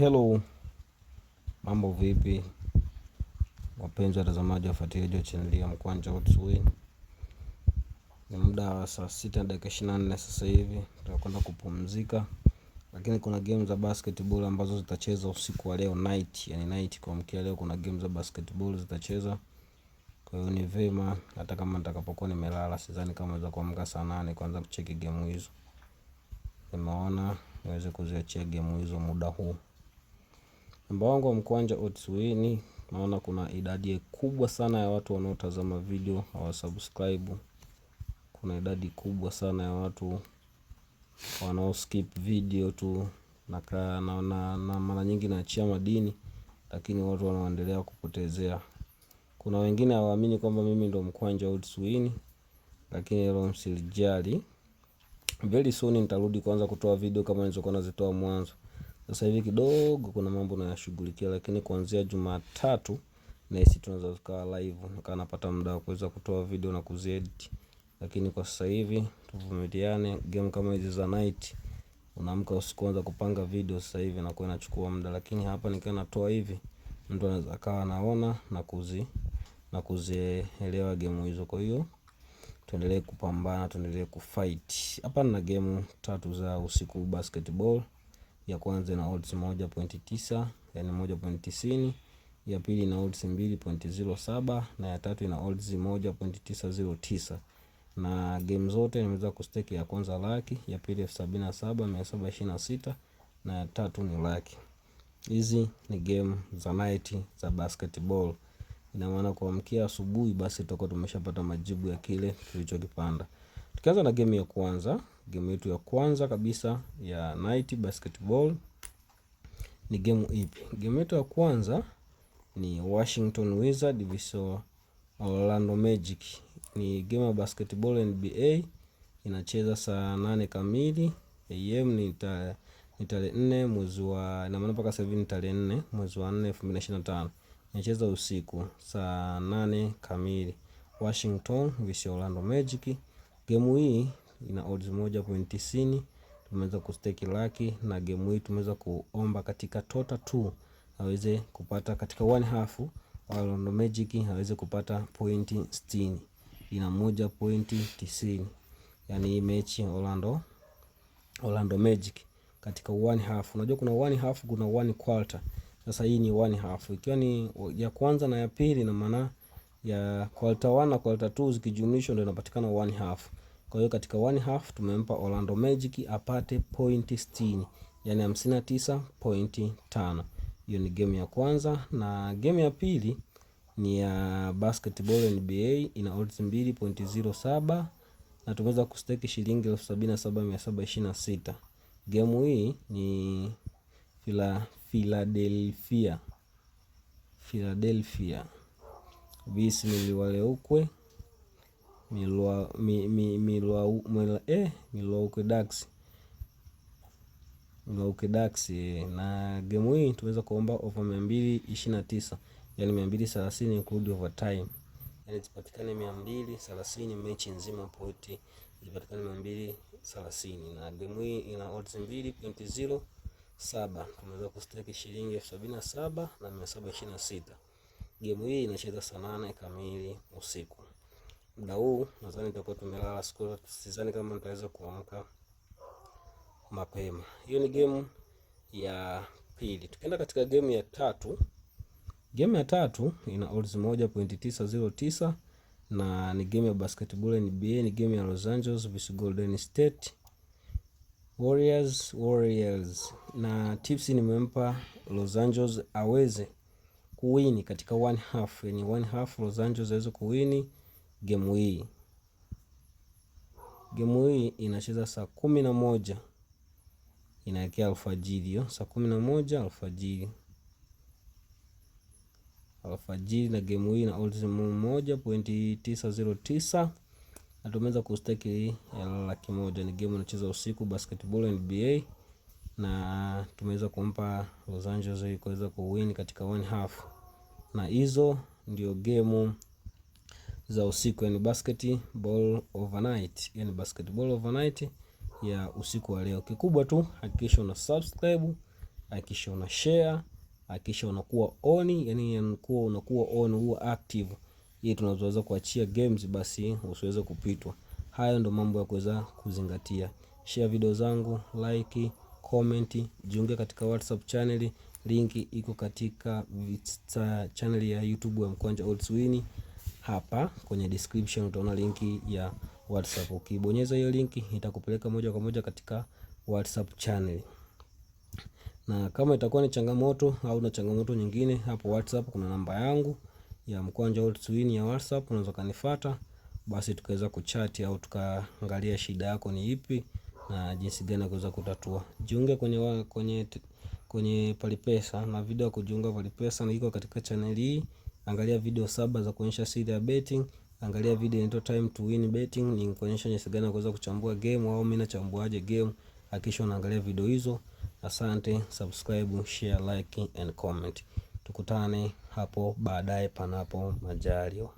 Hello, mambo vipi wapenzi watazamaji, wafuatiliaji wa chaneli ya Mkwanja Whatsuwii. Ni muda wa saa sita dakika ishirini na nne sasa hivi tutakwenda kupumzika, lakini kuna game za basketball ambazo zitacheza usiku wa leo night, yani night kwa mkia leo kuna game za basketball zitacheza. Kwa hiyo ni vema hata kama nitakapokuwa nimelala, sidhani kama naweza kuamka saa nane kwanza kucheki game hizo. Nimeona niweze kuziachia game hizo muda huu. Mbongo mkwanja Otsuini naona kuna idadi kubwa sana ya watu wanaotazama video hawasubscribe. Kuna idadi kubwa sana ya watu wanaoskip video tu nakaa na, na, na mara nyingi naachia madini, lakini watu wanaendelea kupotezea. Kuna wengine hawaamini kwamba mimi ndo mkwanja Otsuini, lakini hilo msilijali. Very soon nitarudi kuanza kutoa video kama nilizokuwa nazitoa mwanzo. Sasa hivi kidogo kuna mambo nayashughulikia, lakini kuanzia Jumatatu nahisi tunaweza tukawa live, nikawa napata muda wa kuweza kutoa video na kuziedit. Lakini kwa sasa hivi tuvumiliane, game kama hizi za night unaamka usiku kuanza kupanga video sasa hivi na kuwa inachukua muda, lakini hapa nikiwa natoa hivi mtu anaweza akawa anaona na kuzi na kuzielewa game hizo. Kwa hiyo tuendelee kupambana, tuendelee kufight. Hapa nina game tatu za usiku basketball ya kwanza ina odds 1.9 yani 1.90, ya pili ina odds 2.07 na ya tatu ina odds 1.909 na game zote nimeweza kustake ya kwanza laki, ya pili elfu na na ya tatu ni laki. Hizi ni game za night za basketball. Ina maana kuamkia asubuhi, basi tutakuwa tumeshapata majibu ya kile tulichokipanda. Tukianza na game ya kwanza, game yetu ya kwanza kabisa ya night basketball ni game ipi? Game yetu ya kwanza ni Washington Wizard vs Orlando Magic. Ni game ya basketball NBA inacheza saa nane kamili am, ni ta ni tarehe nne mwezi wa ina maana mpaka sasa hivi ni tarehe nne mwezi wa nne elfu mbili na ishirini na tano inacheza usiku saa nane kamili. Washington vs Orlando Magic Gemu hii ina odds moja point tisini. Tumeweza kusteki laki na gemu hii tumeweza kuomba katika tota tu aweze kupata katika one half Orlando Magic aweze kupata pointi sitini. Ina moja pointi tisini. Yani hii mechi Orlando Orlando Magic katika one half. Unajua kuna one half, kuna one quarter. Sasa hii ni one half. Ikiwa ni ya kwanza na ya pili na maana ya quarter 1 na quarter 2 zikijumlishwa ndio inapatikana 1 half. Kwa hiyo katika 1 half tumempa Orlando Magic apate point 60, yani 59.5. Hiyo ni game ya kwanza, na game ya pili ni ya basketball NBA, ina odds 2.07 na tumeweza kusteki shilingi 77,726. Gemu hii ni Philadelphia Philadelphia visi niliwaleukwe eh, dax Ducks Milwaukee Ducks na gemu hii tuweza kuomba over mia mbili ishirini na tisa yani mia mbili thelathini include overtime yani zipatikane mia mbili thelathini mechi nzima pointi zipatikane mia mbili thelathini na gemu hii ina odds mbili pointi zero saba tumeweza kustake shilingi elfu sabini na saba na mia saba ishirini na sita gemu hii inacheza saa nane kamili usiku. Muda huu nadhani nitakuwa tumelala siku, sidhani kama nitaweza kuamka mapema. Hiyo ni game ya pili. Tukienda katika game ya tatu, game ya tatu ina odds moja pointi tisa zero tisa na ni game ya basketball NBA, ni game ya Los Angeles vs Golden State Warriors Warriors, na tips nimempa Los Angeles aweze kuwini katika one half, yani one half Los Angeles waweze kuwini gemu hii. Gemu hii inacheza saa kumi na moja inaelekea alfajiri, hiyo saa kumi na moja alfajiri alfajiri, na gemu hii na odds moja pointi tisa zero tisa na tumeweza kustake laki moja. Ni gemu inacheza usiku, basketball NBA na tumeweza kumpa Los Angeles kuweza kuwin katika one half, na hizo ndio gemu za usiku, yani basketball overnight, yani basketball overnight ya usiku wa leo. Kikubwa tu hakikisha una subscribe, hakikisha una share, hakikisha unakuwa on, yani unakuwa unakuwa on, huwa active ili tunazoweza kuachia games basi usiweze kupitwa. Hayo ndo mambo ya kuweza kuzingatia. Share video zangu, like comment, jiunge katika WhatsApp channel, link iko katika channel ya YouTube ya Mkwanja Old Swini. Hapa kwenye description utaona linki ya WhatsApp. Ukibonyeza hiyo linki itakupeleka moja kwa moja katika WhatsApp channel. Na kama itakuwa ni changamoto au na changamoto nyingine, hapo WhatsApp kuna namba yangu ya Mkwanja Old Swini ya WhatsApp, unaweza kanifuata basi tukaweza kuchati au tukaangalia shida yako ni ipi na jinsi gani ya kuweza kutatua. Jiunge kwenye, wa, kwenye, kwenye Palipesa na video ya kujiunga Palipesa na iko katika channel hii. Angalia video saba za kuonyesha siri ya betting. Angalia video inaitwa time to win betting, ni kuonyesha jinsi gani ya kuweza kuchambua game au mimi nachambuaje game. Hakikisha unaangalia video hizo. Asante, subscribe, share, like and comment. Tukutane hapo baadaye panapo majaliwa.